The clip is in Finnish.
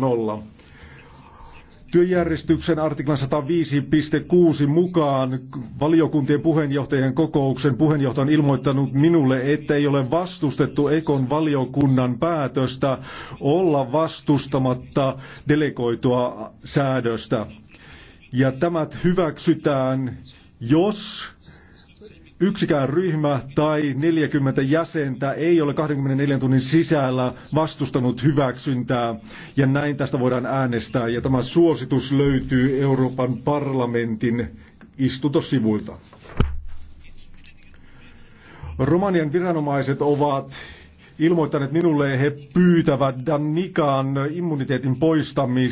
nolla. Työjärjestyksen artiklan 105.6 mukaan valiokuntien puheenjohtajien kokouksen puheenjohtaja on ilmoittanut minulle, että ei ole vastustettu Ekon valiokunnan päätöstä olla vastustamatta delegoitua säädöstä. Ja tämä hyväksytään, jos Yksikään ryhmä tai 40 jäsentä ei ole 24 tunnin sisällä vastustanut hyväksyntää ja näin tästä voidaan äänestää ja tämä suositus löytyy Euroopan parlamentin istuntosivuilta. Romanian viranomaiset ovat ilmoittaneet minulle, he pyytävät Danikan immuniteetin poistamista.